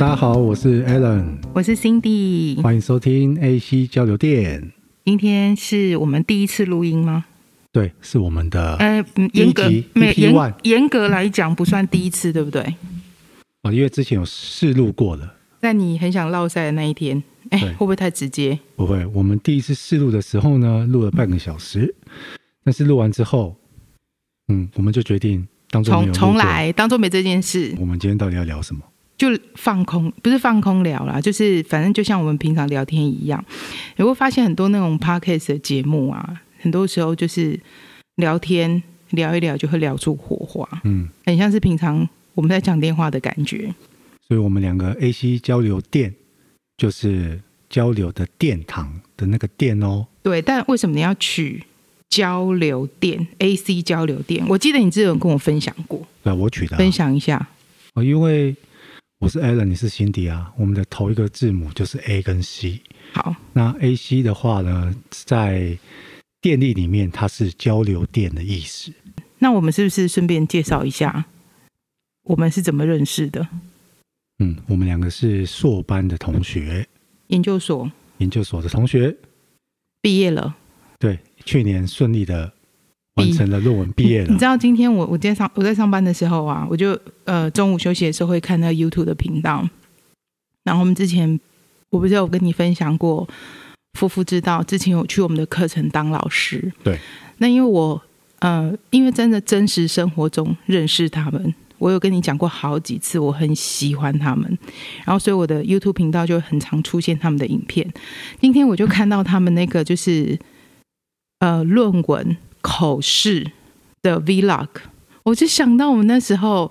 大家好，我是 Alan，我是 Cindy，歡迎收聽 AC 交流電。今天是我們第一次錄音嗎？對，是我們的呃。呃嚴格沒，嚴、嚴嚴格來講不算第一次，對不對？哦，因為之前有試錄過了。那你很想落賽的那一天，哎，對會不會太直接？不會，我們第一次試錄的時候呢，錄了半個小時，嗯、但是錄完之後，嗯，我們就決定當做重重來，當做沒這件事。我們今天到底要聊什麼？就放空，不是放空聊啦，就是反正就像我們平常聊天一樣，你會發現很多那種 podcast 的節目啊，很多時候就是聊天聊一聊，就會聊出火花，嗯，很像是平常我們在講電話的感覺。所以，我們兩個 AC 交流電，就是交流的殿堂的那個電哦。對，但為什麼你要取交流電 AC 交流電？我記得你之前有跟我分享過。對我取的、啊。分享一下，哦，因為。我是 Alan，你是 Cindy 啊。我們的頭一個字母就是 A 跟 C。好，那 A C 的話呢，在電力裡面它是交流電的意思。那我們是不是順便介紹一下，我們是怎麼認識的？嗯，我們兩個是碩班的同學，研究所，研究所的同學，畢業了。對，去年順利的。完成了論文，畢業了。你知道今天我我今天上我在上班的時候啊，我就呃中午休息的時候會看那個 YouTube 的頻道。然後我們之前我不知道我跟你分享過夫婦之道，之前有去我們的課程當老師。對。那因為我呃因為真的真實生活中認識他們，我有跟你講過好幾次，我很喜歡他們。然後所以我的 YouTube 頻道就很常出現他們的影片。今天我就看到他們那個就是呃論文。口試的 vlog，我就想到我們那時候，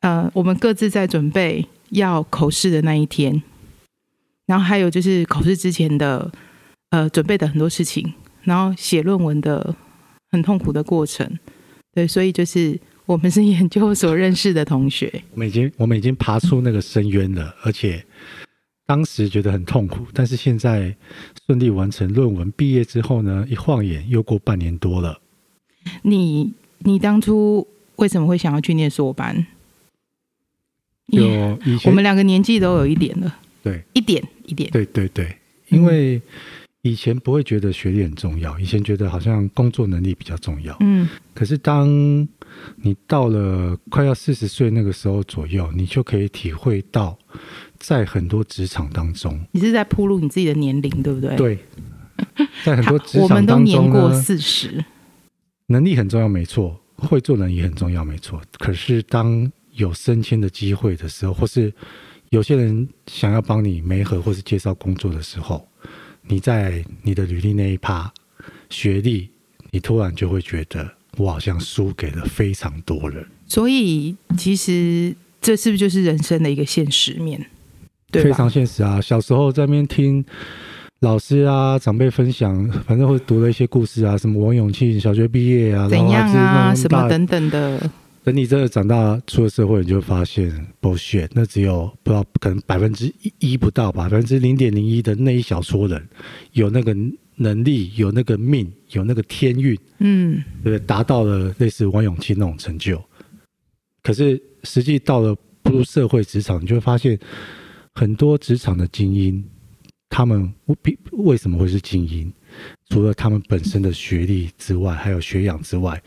呃，我們各自在準備要口試的那一天，然後還有就是考試之前的，呃，準備的很多事情，然後寫論文的很痛苦的過程，對，所以就是我們是研究所認識的同學，我們已經我們已經爬出那個深淵了，而且當時覺得很痛苦，但是現在順利完成論文，畢業之後呢，一晃眼又過半年多了。你你當初為什麼會想要去念碩班？因為我們兩個年紀都有一點了，嗯、對一，一點一點，對對對，因為以前不會覺得學歷很重要，以前覺得好像工作能力比較重要，嗯、可是當你到了快要四十歲那個時候左右，你就可以體會到，在很多職場當中，你是在暴露，你自己的年齡對不對？對，在很多職場當中 我們都年過四十。能力很重要，沒錯；會做人也很重要，沒錯。可是當有升遷的機會的時候，或是有些人想要幫你媒合或是介紹工作的時候，你在你的履歷那一趴學歷，你突然就會覺得我好像輸給了非常多人。所以，其實這是不是就是人生的一個現實面？對，非常現實啊！小時候在那邊聽。老師啊，長輩分享，反正會讀了一些故事啊，什麼王永慶小學畢業啊，怎樣啊，那麼那麼什麼等等的。等你真的長大出了社會，你就會發現，抱歉，嗯，那只有不，不到可能百分之一不到百分之零點零一的那一小撮人，有那個能力，有那個命，有那個天運，嗯，對，對，達到了類似王永慶那種成就。可是實際到了步入社會職場，你就會發現，很多職場的精英。他們比為什麼會是精英？除了他們本身的學歷之外，還有學養之外，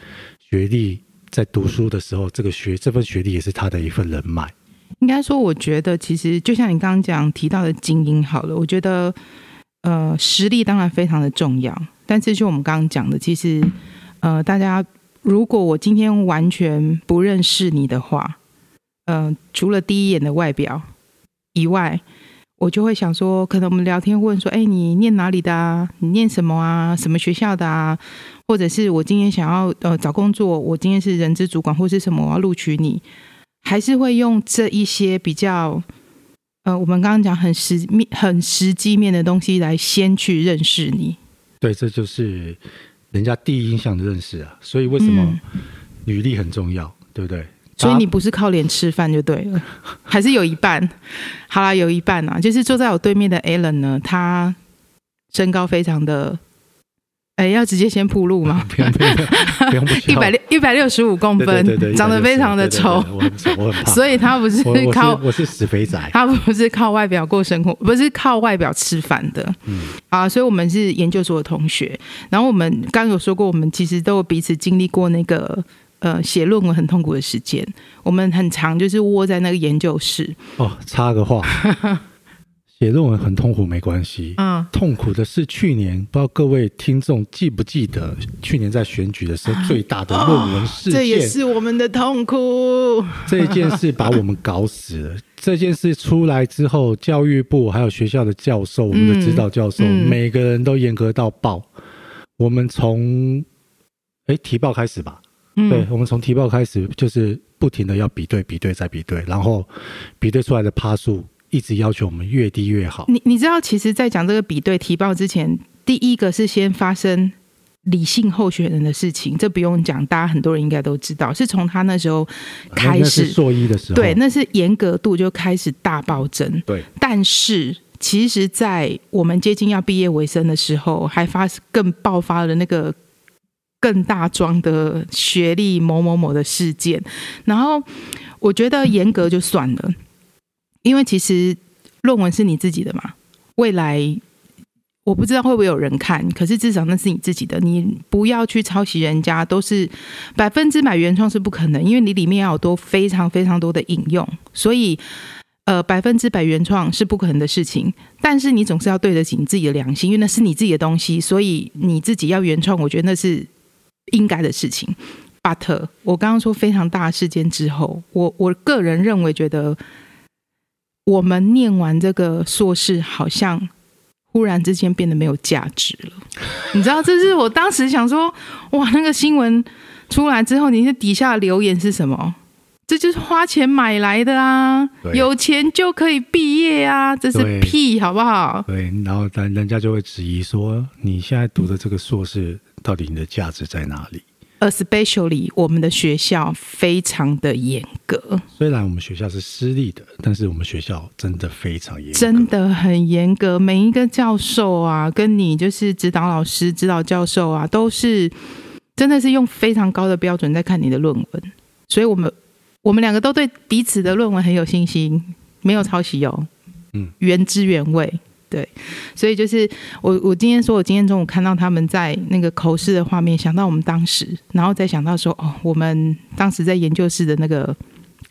學歷在讀書的時候，這個學，這份學歷也是他的一份人脈。應該說，我覺得其實就像你剛剛講提到的精英好了，我覺得，呃，實力當然非常的重要，但是就我們剛剛講的，其實，呃，大家如果我今天完全不認識你的話，嗯、呃，除了第一眼的外表以外。我就會想說，可能我們聊天問說，哎，你念哪裡的啊？你念什麼啊？什麼學校的啊？或者是我今天想要呃找工作，我今天是人資主管或者是什麼，我要錄取你，還是會用這一些比較呃，我們剛剛講很實面、很實際面的東西來先去認識你。對，這就是人家第一印象的認識啊。所以為什麼履歷很重要，嗯、對不對？所以你不是靠臉吃飯就對了，還是有一半。好啦，有一半啊，就是坐在我對面的 Allen 呢，他身高非常的，哎，要直接先鋪路嗎？嗯嗯嗯嗯、不用不用，一百六一百六十五公分，對對對對160，長得非常的醜，對對對，我很醜，我很胖，所以他不是靠，我，我，是我是死肥宅，他不是靠外表過生活，不是靠外表吃飯的。嗯、啊，所以我們是研究所的同學，然後我們剛，剛有說過，我們其實都有彼此經歷過那個。呃，寫論文很痛苦的時間，我們很常就是窩在那個研究室。哦，插個話，寫論 文很痛苦沒關係，嗯，痛苦的是去年，不知道各位聽眾記不記得，去年在選舉的時候最大的論文事件、哦，這也是我們的痛苦。 這件事把我們搞死了。 這件事出來之後，教育部還有學校的教授，嗯、我們的指導教授，嗯、每個人都嚴格到爆。我們從，哎，提報開始吧。對，我們從提報開始就是不停的要比對比對再比對，然後比對出來的趴數一直要求我們越低越好。你你知道，其實，在講這個比對提報之前，第一個是先發生李姓候選人的事情，這不用講，大家很多人應該都知道，是從他那時候開始。啊、那是碩一的時候，對，那是嚴格度就開始大暴增。對，但是其實，在我們接近要畢業尾聲的時候，還發更爆發了那個。更大裝的學歷某某某的事件，然後我覺得嚴格就算了，因為其實論文是你自己的嘛。未來我不知道會不會有人看，可是至少那是你自己的，你不要去抄襲人家，都是百分之百原創是不可能，因為你裡面要有多非常非常多的引用，所以呃百分之百原創是不可能的事情。但是你總是要對得起你自己的良心，因為那是你自己的東西，所以你自己要原創，我覺得那是。應該的事情，But 我剛剛說非常大的事件之後，我我個人認為覺得，我們念完這個碩士，好像忽然之間變得沒有價值了。 你知道，這是我當時想說，哇，那個新聞出來之後，你的底下的留言是什麼？這就是花錢買來的啊，對有錢就可以畢業啊，這是屁，對好不好？對，然後人人家就會質疑說，你現在讀的這個碩士。到底你的價值在哪裡？Especially，我們的學校非常的嚴格。雖然我們學校是私立的，但是我們學校真的非常嚴，真的很嚴格。每一個教授啊，跟你就是指導老師、指導教授啊，都是真的是用非常高的標準在看你的論文。所以我，我們我們兩個都對彼此的論文很有信心，沒有抄襲哦，嗯，原汁原味。嗯對，所以就是我，我今天說，我今天中午看到他們在那個口試的畫面，想到我們當時，然後再想到說，哦，我們當時在研究室的那個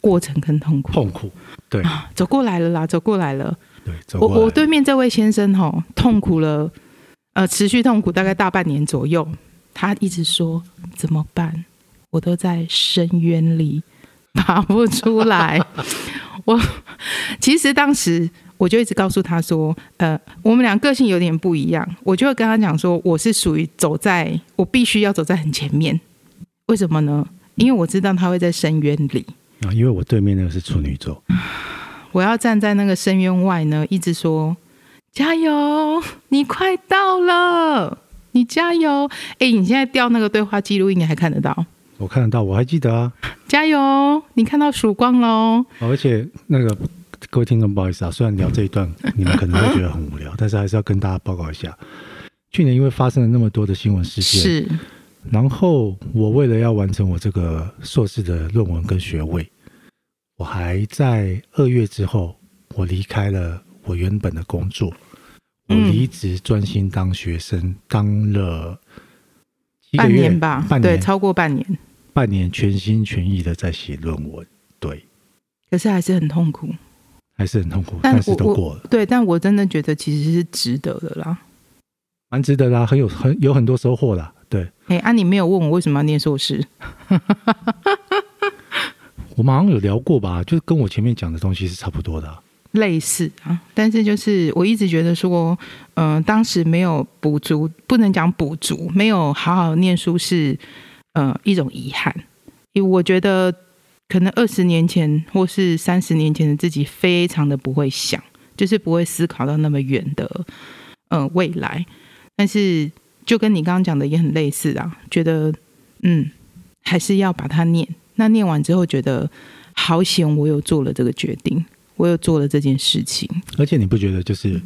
過程跟痛苦，痛苦，對、啊，走過來了啦，走過來了，對，走過來，我我對面這位先生吼，痛苦了，呃，持續痛苦大概大半年左右，他一直說怎麼辦，我都在深淵裡爬不出來， 我其實當時。我就一直告訴他說：“呃，我們倆個性有點不一樣。”我就會跟他講說：“我是屬於走在我必須要走在很前面，為什麼呢？因為我知道他會在深淵裡啊，因為我對面那個是處女座，我要站在那個深淵外呢，一直說加油，你快到了，你加油！誒，你現在調那個對話記錄，應該還看得到，我看得到，我還記得啊，加油，你看到曙光嘍！哦，而且那個。”各位聽眾，不好意思啊，雖然聊這一段你們可能會覺得很無聊， 但是還是要跟大家報告一下。去年因為發生了那麼多的新聞事件，是，然後我為了要完成我這個碩士的論文跟學位，我還在二月之後，我離開了我原本的工作，我離職專心當學生，嗯、當了半年吧，半年對，超過半年，半年全心全意的在寫論文，對，可是還是很痛苦。還是很痛苦，但是都過了。對，但我真的覺得其實是值得的啦，蠻值得啦，很有很有很多收穫啦。對，哎，啊，你沒有問我為什麼要念碩士？ 我馬上有聊過吧，就跟我前面講的東西是差不多的，類似啊。但是就是我一直覺得說，嗯、呃，當時沒有補足，不能講補足，沒有好好念書是，嗯、呃，一種遺憾，因為我覺得。可能二十年前或是三十年前的自己，非常的不會想，就是不會思考到那麼遠的，嗯、呃，未來。但是就跟你剛剛講的也很類似啊，覺得嗯，還是要把它念。那念完之後，覺得好險，我有做了這個決定，我有做了這件事情。而且你不覺得，就是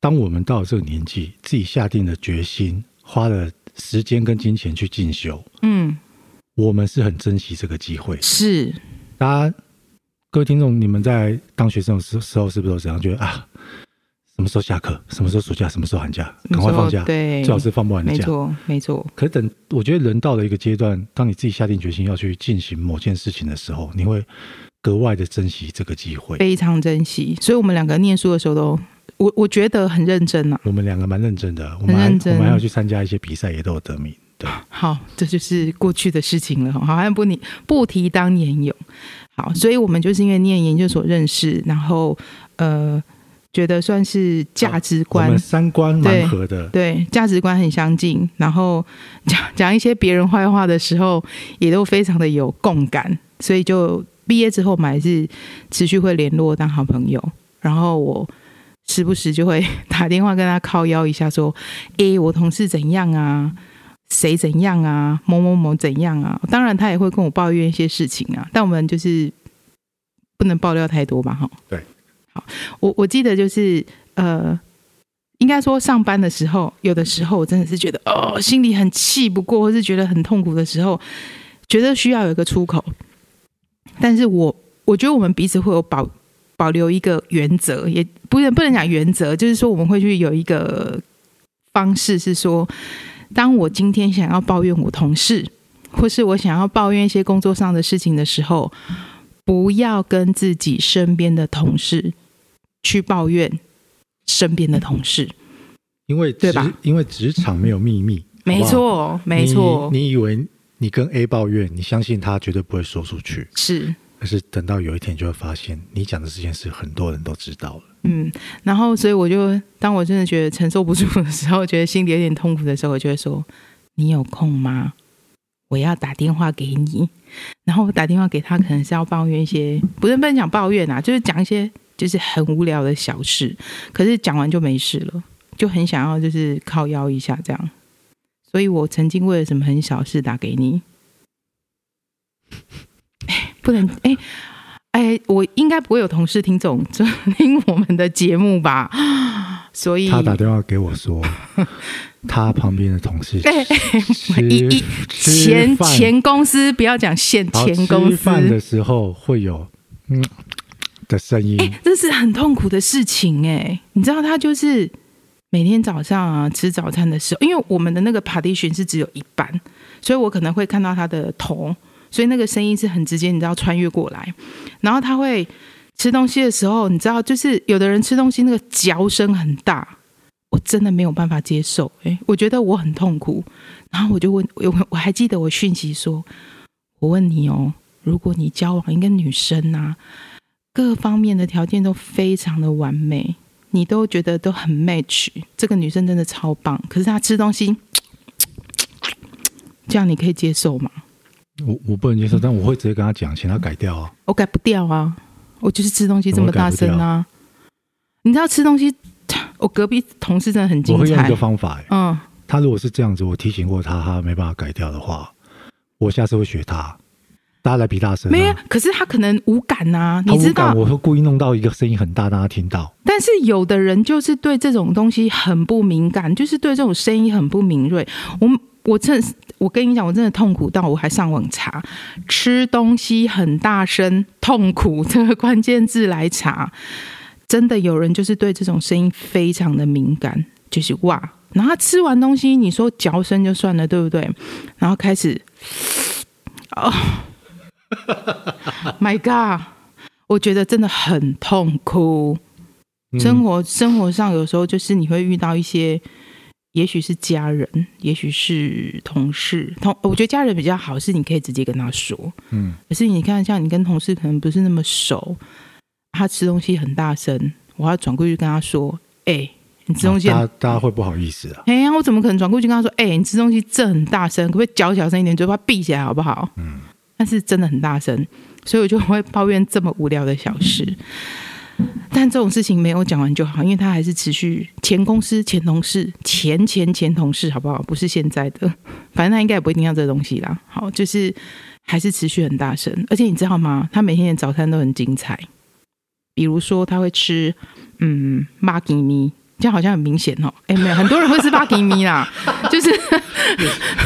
當我們到這個年紀，自己下定了決心，花了時間跟金錢去進修，嗯。我們是很珍惜這個機會，是。大家各位聽眾，你們在當學生的時時候，是不是都這樣覺得啊？什麼時候下課？什麼時候暑假？什麼時候寒假？趕說快放假，對最好是放不完的假。沒錯，沒錯。可是等，我覺得人到了一個階段，當你自己下定決心要去進行某件事情的時候，你會格外的珍惜這個機會，非常珍惜。所以我們兩個念書的時候都，我我覺得很認真啊。我們兩個蠻認真的，我們我們還要去參加一些比賽，也都有得名。對好，這就是過去的事情了。好漢不你，你不提當年勇。好，所以我們就是因為念研究所認識，然後呃，覺得算是價值觀、啊、我們三觀蠻合的對。對，價值觀很相近。然後講講一些別人壞話的時候，也都非常的有共感。所以就畢業之後我們還是持續會聯絡當好朋友。然後我時不時就會打電話跟他靠腰一下，說：“哎，我同事怎樣啊？”誰怎樣啊？某某某怎樣啊？當然，他也會跟我抱怨一些事情啊。但我們就是不能爆料太多吧？哈，對，好，我我記得就是呃，應該說上班的時候，有的時候我真的是覺得哦，心裡很氣不過，或是覺得很痛苦的時候，覺得需要有一個出口。但是我我覺得我們彼此會有保保留一個原則，也不能不能講原則，就是說我們會去有一個方式，是說。當我今天想要抱怨我同事，或是我想要抱怨一些工作上的事情的時候，不要跟自己身邊的同事去抱怨身邊的同事，因為職對吧？因為職場沒有秘密，嗯、好不好？沒錯，沒錯你。你以為你跟 A 抱怨，你相信他絕對不會說出去，是，可是等到有一天就會發現，你講的這件事很多人都知道了。嗯，然後所以我就，當我真的覺得承受不住的時候，覺得心裡有點痛苦的時候，我就會說：“你有空嗎？我要打電話給你。”然後我打電話給他，可能是要抱怨一些，不是不想抱怨啊，就是講一些就是很無聊的小事，可是講完就沒事了，就很想要就是靠腰一下這樣。所以我曾經為了什麼很小事打給你，哎，不能哎。哎、欸，我應該不會有同事聽總聽我們的節目吧？所以他打電話給我說， 他旁邊的同事對，一一、欸欸、前飯前公司不要講現前公司，飯的時候會有嗯的聲音。哎、欸，這是很痛苦的事情哎、欸。你知道，他就是每天早上啊吃早餐的時候，因為我們的那個帕 o n 是只有一半，所以我可能會看到他的頭。所以那個聲音是很直接，你知道穿越過來，然後他會吃東西的時候，你知道就是有的人吃東西那個嚼聲很大，我真的沒有辦法接受，哎，我覺得我很痛苦。然後我就問，我我還記得我訊息說，我問你哦，如果你交往一個女生啊，各方面的條件都非常的完美，你都覺得都很 match，這個女生真的超棒，可是她吃東西，這樣你可以接受嗎？我我不能接受，但我會直接跟他講，請他改掉啊。我改不掉啊，我就是吃東西這麼大聲啊！你知道吃東西，我隔壁同事真的很精彩。我會用一個方法、欸，嗯，他如果是這樣子，我提醒過他，他沒辦法改掉的話，我下次會學他。大家來比大聲，啊，沒有，可是他可能無感啊，無感，你知道？我會故意弄到一個聲音很大，大家聽到。但是有的人就是對這種東西很不敏感，就是對這種聲音很不敏銳。我我趁。我跟你講，我真的痛苦到我還上網查，吃東西很大聲痛苦這個關鍵字來查，真的有人就是對這種聲音非常的敏感，就是哇！然後吃完東西，你說嚼聲就算了，對不對？然後開始，哦 ，My God！我覺得真的很痛苦。生活、嗯、生活上有時候就是你會遇到一些。也許是家人，也許是同事。同我覺得家人比較好，是你可以直接跟他說。嗯，可是你看，像你跟同事可能不是那麼熟，他吃東西很大聲，我要轉過去跟他說：“哎、欸，你吃東西。啊大”大家會不好意思啊。哎呀、欸，我怎麼可能轉過去跟他說：“哎、欸，你吃東西這很大聲，可不可以嚼小聲一點，嘴巴閉起來好不好？”嗯，但是真的很大聲，所以我就會抱怨這麼無聊的小事。嗯但這種事情沒有講完就好，因為他還是持續前公司，前同事，前前前同事好不好？不是現在的，反正他應該也不一定要這個東西啦。好，就是還是持續很大聲，而且你知道嗎？他每天的早餐都很精彩，比如說他會吃嗯 maggie me。這樣好像很明顯哦、喔。哎、欸，沒有很多人會是巴提米啦， 就是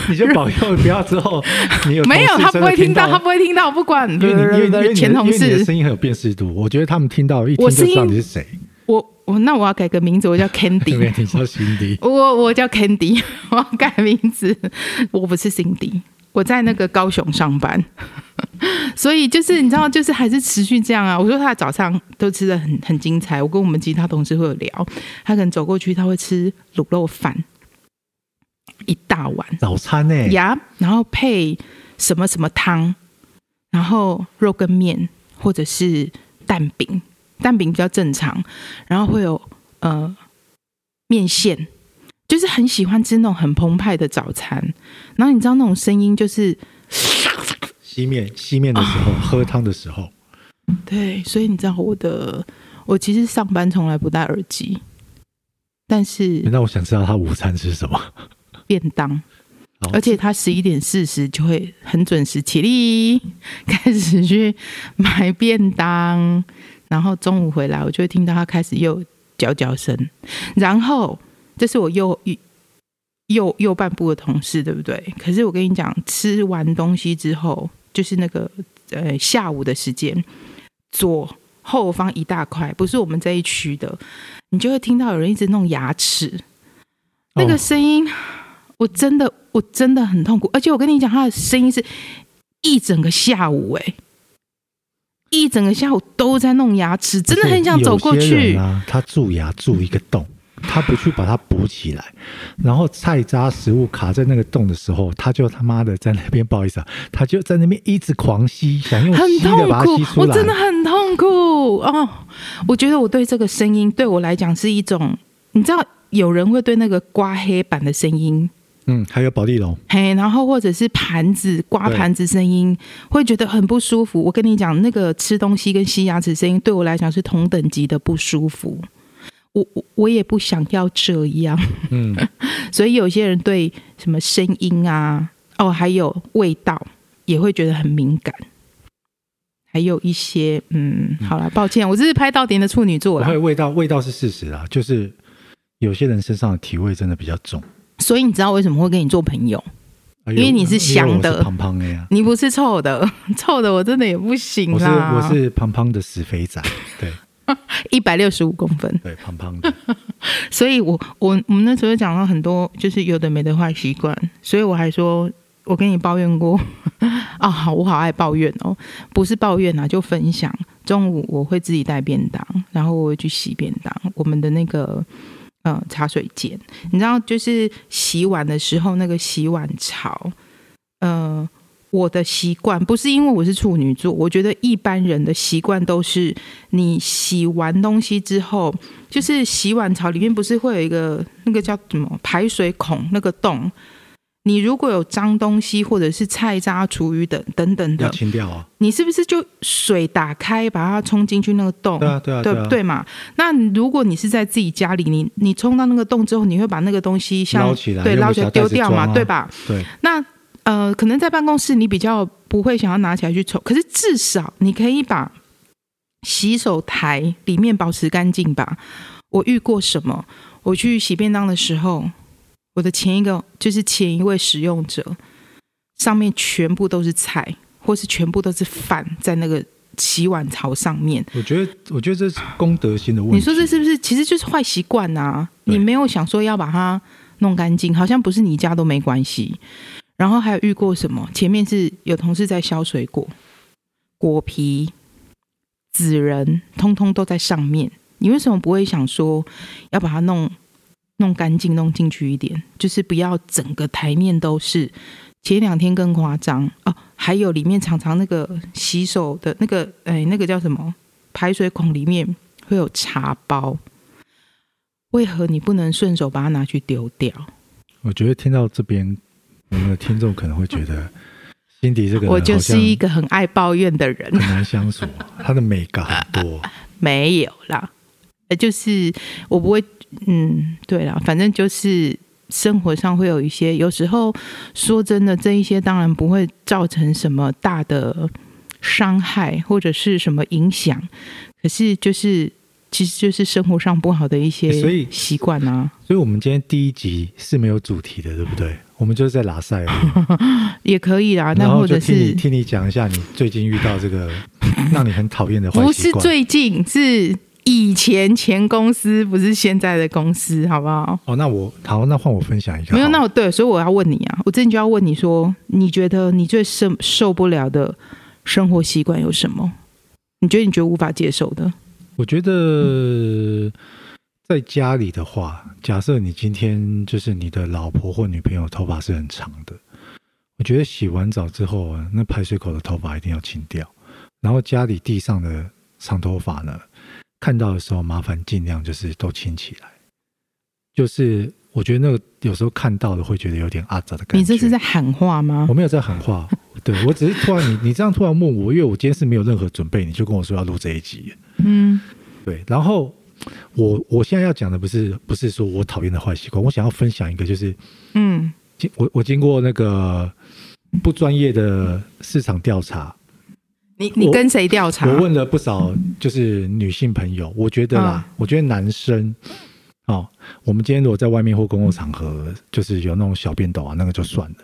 你就保佑不要之後 有沒有，他不會聽到，他不會聽到，我不，不管因。因為你的因為你的聲音很有辨識度，我覺得他們聽到一聽就知道你是誰。我我那我要改個名字，我叫 Candy， 叫 我我我叫 Candy，我要改名字，我不是 Cindy，我在那個高雄上班。所以就是你知道，就是還是持續這樣啊。我說他的早餐都吃得很很精彩。我跟我們其他同事會有聊，他可能走過去，他會吃滷肉飯一大碗早餐呢、欸，呀，yeah, 然後配什麼什麼湯，然後肉跟麵或者是蛋餅，蛋餅比較正常，然後會有呃麵線，就是很喜歡吃那種很澎湃的早餐。然後你知道那種聲音就是。吸麵，吸麵的時候，oh. 喝湯的時候，對，所以你知道我的，我其實上班從來不戴耳機，但是那我想知道他午餐是什麼，便當，而且他十一點四十就會很準時起立，開始去買便當，然後中午回來，我就會聽到他開始又嚼嚼聲，然後這是我右、右、右半部的同事，對不對？可是我跟你講，吃完東西之後。就是那個呃下午的時間，左後方一大塊不是我們這一區的，你就會聽到有人一直弄牙齒，那個聲音、哦、我真的我真的很痛苦，而且我跟你講他的聲音是一整個下午哎、欸，一整個下午都在弄牙齒，真的很想走過去、啊、他蛀牙蛀一個洞。他不去把它補起來，然後菜渣食物卡在那個洞的時候，他就他媽的在那邊不好意思啊，他就在那邊一直狂吸，想用吸的把它吸出來。很痛苦，我真的很痛苦哦。我覺得我對這個聲音，對我來講是一種，你知道，有人會對那個刮黑板的聲音，嗯，還有保麗龍，嘿，然後或者是盤子刮盤子聲音，對會覺得很不舒服。我跟你講，那個吃東西跟吸牙齒聲音，對我來講是同等級的不舒服。我我我也不想要這樣，嗯， 所以有些人對什麼聲音啊，哦，還有味道，也會覺得很敏感，還有一些，嗯，好了，抱歉，我這是拍到點的處女座了，然後味道味道是事實啊，就是有些人身上的體味真的比較重，所以你知道為什麼會跟你做朋友，哎、呦因為你是香的，哎哎、胖胖的呀、啊，你不是臭的，臭的我真的也不行啊，我是我是胖胖的死肥仔。對。一百六十五公分，對，胖胖的。所以我，我我我們那時候講了很多，就是有的沒的壞習慣。所以我還說我跟你抱怨過啊，我好愛抱怨哦，不是抱怨啊，就分享。中午我會自己帶便當，然後我會去洗便當。我們的那個嗯、呃、茶水間，你知道，就是洗碗的時候那個洗碗槽，嗯、呃。我的習慣不是因為我是處女座，我覺得一般人的習慣都是，你洗完東西之後，就是洗碗槽裡面不是會有一個那個叫什麼排水孔那個洞，你如果有髒東西或者是菜渣廚餘等等等等，要清掉啊？你是不是就水打開把它沖進去那個洞？對啊對啊對啊，對，對嘛？那如果你是在自己家裡，你你沖到那個洞之後，你會把那個東西像對撈起來丟掉嘛？啊、對吧？對，那。呃，可能在辦公室你比較不會想要拿起來去抽，可是至少你可以把洗手台裡面保持乾淨吧。我遇過什麼？我去洗便當的時候，我的前一個就是前一位使用者上面全部都是菜，或是全部都是飯在那個洗碗槽上面。我覺得，我覺得這是公德心的問題。你說這是不是其實就是壞習慣啊？對你沒有想說要把它弄乾淨，好像不是你家都沒關係。然後還有遇過什麼？前面是有同事在削水果，果皮、紙人，通通都在上面。你為什麼不會想說，要把它弄弄乾淨，弄進去一點，就是不要整個台面都是？前兩天更誇張哦，啊，還有裡面常常那個洗手的那個，哎，那個叫什麼？排水孔裡面會有茶包，為何你不能順手把它拿去丟掉？我覺得聽到這邊。我們有聽眾可能會覺得，辛迪這個人我就是一個很愛抱怨的人，很難相處。他的美感很多 沒有啦，就是我不會，嗯，對了，反正就是生活上會有一些，有時候說真的，這一些當然不會造成什麼大的傷害或者是什麼影響，可是就是其實就是生活上不好的一些，所以習慣啊所。所以我們今天第一集是沒有主題的，對不對？我們就是在拉塞，而已， 也可以啦。那或者是聽你講一下你最近遇到這個 讓你很討厭的壞習慣。不是最近，是以前前公司，不是現在的公司，好不好？哦，那我好，那換我分享一下。沒有，那我對，所以我要問你啊，我最近就要問你說，你覺得你最受受不了的生活習慣有什麼？你覺得你覺得無法接受的？我覺得。嗯在家裡的話，假設你今天就是你的老婆或女朋友的頭髮是很長的，我覺得洗完澡之後啊，那排水口的頭髮一定要清掉，然後家裡地上的長頭髮呢，看到的時候麻煩盡量就是都清起來，就是我覺得那個有時候看到了會覺得有點阿雜的感覺。你這是在喊話嗎？我沒有在喊話， 對，我只是突然你你這樣突然問我，因為我今天是沒有任何準備，你就跟我說要錄這一集，嗯，對，然後。我我現在要講的不是不是說我討厭的壞習慣，我想要分享一個就是，嗯，經我我經過那個不專業的市場調查，你你跟誰調查？我問了不少就是女性朋友， 我覺得啦，嗯、我覺得男生，哦，我們今天如果在外面或公共場合，就是有那種小便斗啊，那個就算了。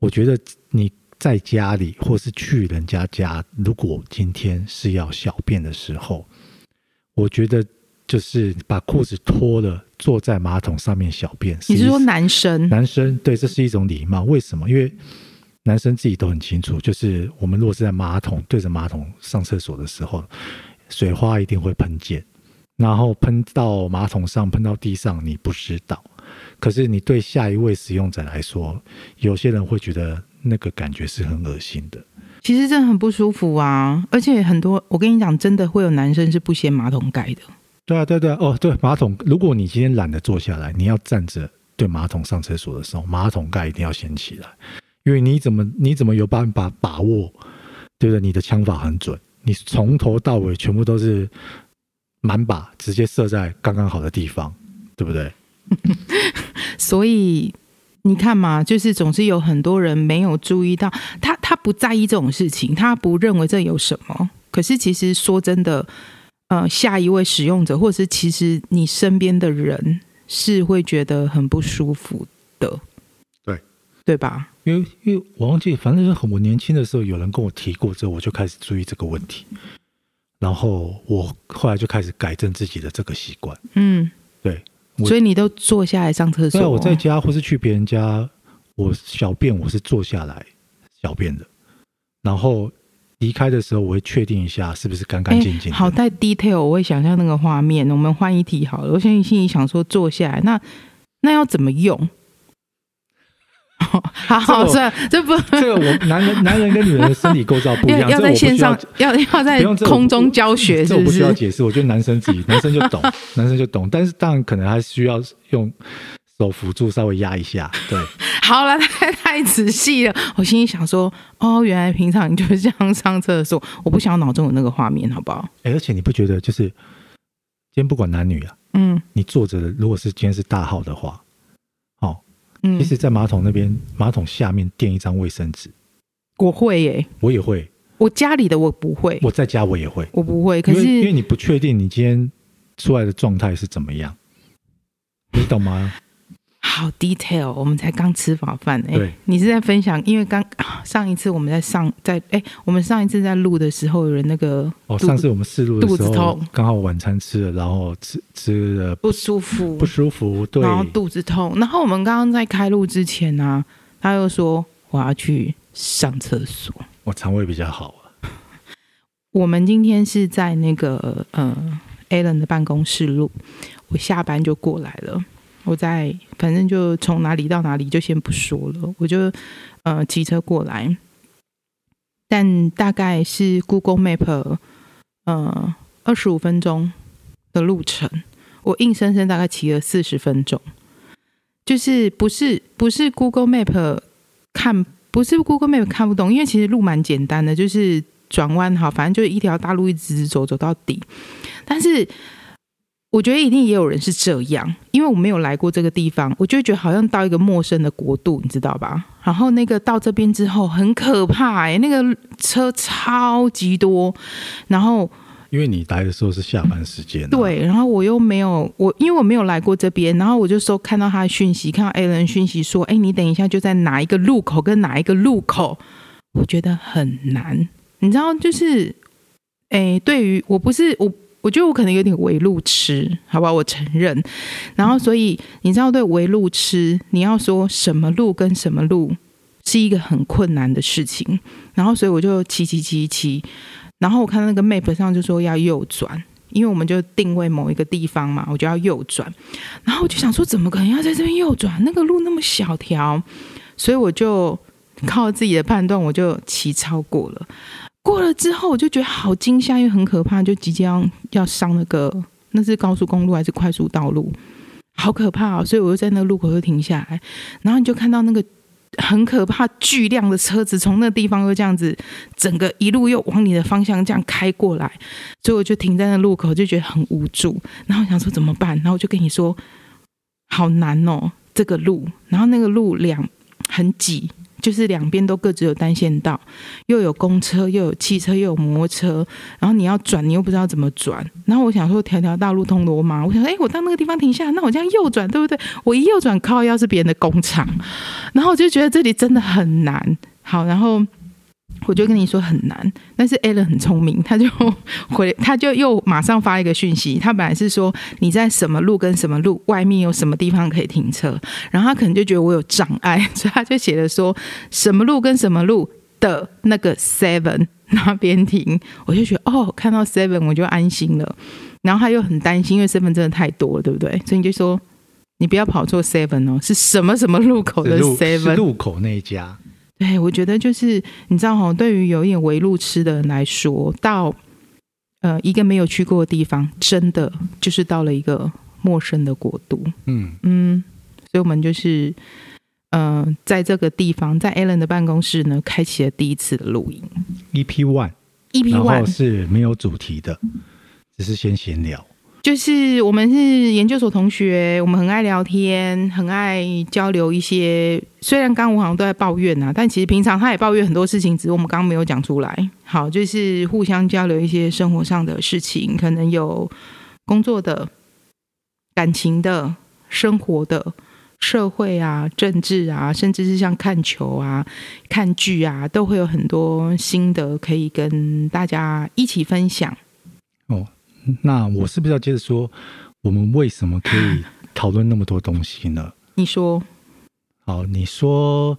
我覺得你在家裡或是去人家家，如果今天是要小便的時候，我覺得。就是把褲子脫了，坐在馬桶上面小便。你是說男生？男生對，這是一種禮貌。為什麼？因為男生自己都很清楚，就是我們若是在馬桶對着馬桶上廁所的時候，水花一定會噴濺，然後噴到馬桶上，噴到地上，你不知道。可是你對下一位使用者來說，有些人會覺得那個感覺是很噁心的。其實這很不舒服啊，而且很多我跟你講，真的會有男生是不掀馬桶蓋的。對啊，對，對啊，對對哦，對馬桶。如果你今天懶得坐下來，你要站着對馬桶上廁所的時候，馬桶蓋一定要掀起來，因為你怎麼你怎麼有辦法把，把握？對不對？你的槍法很準，你從頭到尾全部都是滿把，直接射在剛剛好的地方，對不對？ 所以你看嘛，就是總是有很多人沒有注意到，他他不在意這種事情，他不認為這有什麼。可是其實說真的。嗯，下一位使用者，或者是其實你身邊的人，是會覺得很不舒服的，嗯、對，對吧？因為因為我忘記，反正很我年輕的時候有人跟我提過，之後我就開始注意這個問題，然後我後來就開始改正自己的這個習慣。嗯，對，所以你都坐下來上廁所。哦，我在，我在家或是去別人家，我小便我是坐下來小便的，然後，離開的時候，我會確定一下是不是乾乾淨淨。好在 detail，我會想象那個畫面。我們換一題好了。我心裡想說，坐下來，那那要怎麼用？哦、好好算，這，這不這個我男人男人跟女人的身體構造不一樣， 要，要在線上要要，要在空中教學是是，這我不需要解釋。我覺得男生自己男生就懂， 男生就懂。但是當然可能還是需要用手輔助，稍微壓一下，對。好了，太太仔細了，我心裡想說，哦，原來平常你就是這樣上廁所，我不想腦中有那個畫面，嗯、好不好？哎、欸，而且你不覺得，就是今天不管男女啊，嗯，你坐着，如果是今天是大號的話，好、哦，嗯，其實在馬桶那邊，馬桶下面墊一張衛生紙，我會耶、欸，我也會，我家裡的我不會，我在家我也會，我不會，可是因為，因為你不確定你今天出來的狀態是怎麼樣，你懂嗎？ 好 detail，我們才剛吃飽飯哎，你是在分享，因為剛、啊、上一次我們在上在哎、欸，我們上一次在錄的時候，有人那個哦，上次我們試錄肚子痛，剛好晚餐吃了，然後吃吃了不,不舒服，不舒服對，然後肚子痛。對然後我們剛剛在開錄之前呢、啊，他又說我要去上廁所。我腸胃比較好啊。我們今天是在那個呃 Allen 的辦公室錄，我下班就過來了。我在反正就從哪裡到哪裡就先不說了，我就呃騎車過來，但大概是 Google Map 呃二十五分鐘的路程，我硬生生大概騎了四十分鐘，就是不是不是 Google Map 看不是 Google Map 看不懂，因為其實路蠻簡單的，就是轉彎哈，反正就是一條大路一直一直走，走到底，但是。我覺得一定也有人是這樣，因為我沒有來過這個地方，我就覺得好像到一個陌生的國度，你知道吧？然後那個到這邊之後很可怕，欸，哎，那個車超級多，然後因為你來的時候是下班時間，啊，對，然後我又沒有我，因為我沒有來過這邊，然後我就說看到他的訊息，看到艾倫訊息說，哎，欸，你等一下就在哪一個路口跟哪一個路口，我覺得很難，你知道，就是哎，欸，對於我不是我。我覺得我可能有點圍路痴，好不好？我承認。然後，所以你知道，對圍路痴，你要說什麼路跟什麼路，是一個很困難的事情。然後，所以我就騎騎騎騎。然後我看到那個 map 上就說要右轉，因為我們就定位某一個地方嘛，我就要右轉。然後我就想說，怎麼可能要在這邊右轉？那個路那麼小條，所以我就靠自己的判斷，我就騎超過了。過了之後，我就覺得好驚嚇，因為很可怕，就即將要上那個，那是高速公路還是快速道路，好可怕哦，所以我就在那個路口又停下來，然後你就看到那個很可怕巨量的車子從那地方又這樣子，整個一路又往你的方向這樣開過來，所以我就停在那路口，就覺得很無助，然後我想說怎麼辦，然後我就跟你說，好難哦，這個路，然後那個路兩很擠。就是兩邊都各自有單線道，又有公車，又有汽車，又有摩托車，然後你要轉，你又不知道怎麼轉。然後我想說，條條大路通羅馬。我想，哎，我到那個地方停下，那我這樣右轉，對不對？我一右轉靠腰，是別人的工廠，然後我就覺得這裡真的很難。好，然後。我就跟你說很難，但是 Allen 很聰明，他就回，他就又馬上發一個訊息。他本來是說你在什麼路跟什麼路外面有什麼地方可以停車，然後他可能就覺得我有障礙，所以他就寫了說什麼路跟什麼路的那個 Seven 那邊停。我就覺得哦，看到 Seven 我就安心了。然後他又很擔心，因為 Seven 真的太多了，對不對？所以你就說你不要跑錯 Seven 哦，是什麼什麼路口的 Seven？路，路口那一家。對，我覺得就是你知道哈，對於有點圍路痴的人來說，到呃一個沒有去過的地方，真的就是到了一個陌生的國度。嗯嗯，所以我們就是呃在這個地方，在 Allen 的辦公室呢，開啟了第一次的錄音，EP One，EP One 是沒有主題的，只是先閒聊。就是我們是研究所同學，我們很愛聊天，很愛交流一些。雖然剛剛我好像都在抱怨啊，但其實平常他也抱怨很多事情，只是我們剛剛沒有講出來。好，就是互相交流一些生活上的事情，可能有工作的、感情的、生活的、社會啊、政治啊，甚至是像看球啊、看劇啊，都會有很多心得可以跟大家一起分享。哦。那我是不是要接着說，我們為什麼可以討論那麼多東西呢？你說，好，你說，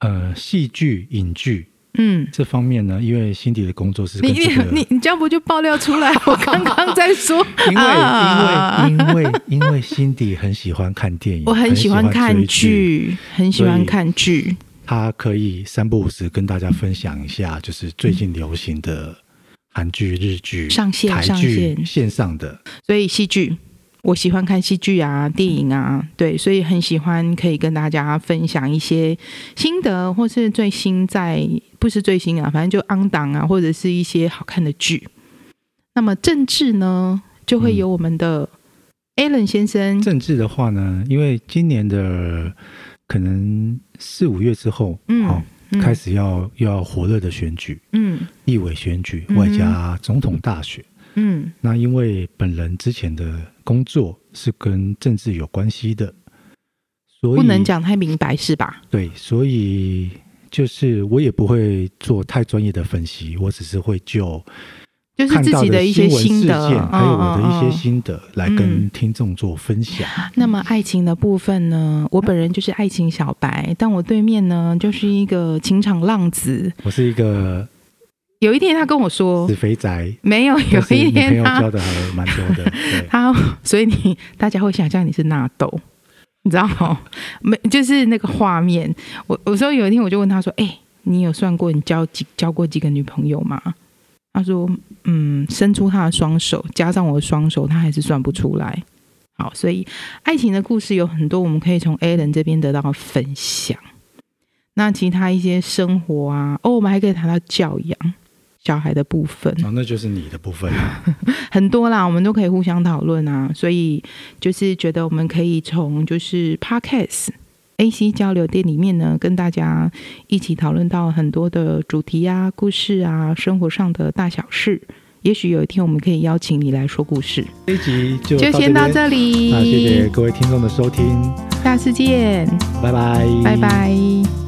呃，戲劇、影劇，嗯，這方面呢，因為辛迪的工作是、這個，你你你，你這樣不就爆料出來？ 我剛剛在說，因為因為 因為因為辛迪很喜歡看電影，我很喜歡看劇，很喜歡看劇，他可以三不五時跟大家分享一下，就是最近流行的。韓劇、日劇、台劇、線上的，所以戲劇，我喜歡看戲劇啊，電影啊，對，所以很喜歡，可以跟大家分享一些心得，或是最新在，不是最新啊，反正就 on 檔啊，或者是一些好看的劇。那麼政治呢，就會有我們的 Allen 先生、嗯。政治的話呢，因為今年的可能四五月之後，嗯。哦嗯，開始要要火熱的選舉，嗯，議委選舉外加總統大選，嗯，嗯，那因為本人之前的工作是跟政治有關係的，所以不能講太明白是吧？對，所以就是我也不會做太專業的分析，我只是會就。就是自己的一些心得，還有我的一些心得來跟聽眾做分享。那麼愛情的部分呢？我本人就是愛情小白，但我對面呢，就是一個情場浪子。我是一個，有一天他跟我說，死肥宅，沒有，有一天他交的還蠻多的。他，所以你大家會想象，你是納豆，你知道嗎？沒，就是那個畫面。我我說有一天我就問他說：“哎，你有算過你交幾交過幾個女朋友嗎？”他說：“嗯，伸出他的雙手，加上我的雙手，他還是算不出來。好，所以愛情的故事有很多，我們可以從 Alan 這邊得到分享。那其他一些生活啊，哦，我們還可以談到教養、小孩的部分。哦，那就是你的部分啊。 很多啦，我們都可以互相討論啊。所以就是覺得我們可以從就是 Podcast。” AC 交流店裡面呢，跟大家一起討論到很多的主題啊、故事啊、生活上的大小事。也許有一天，我們可以邀請你來說故事。這一集就，這就先到這裡，那謝謝各位聽眾的收聽，下次見，拜拜 bye，拜拜。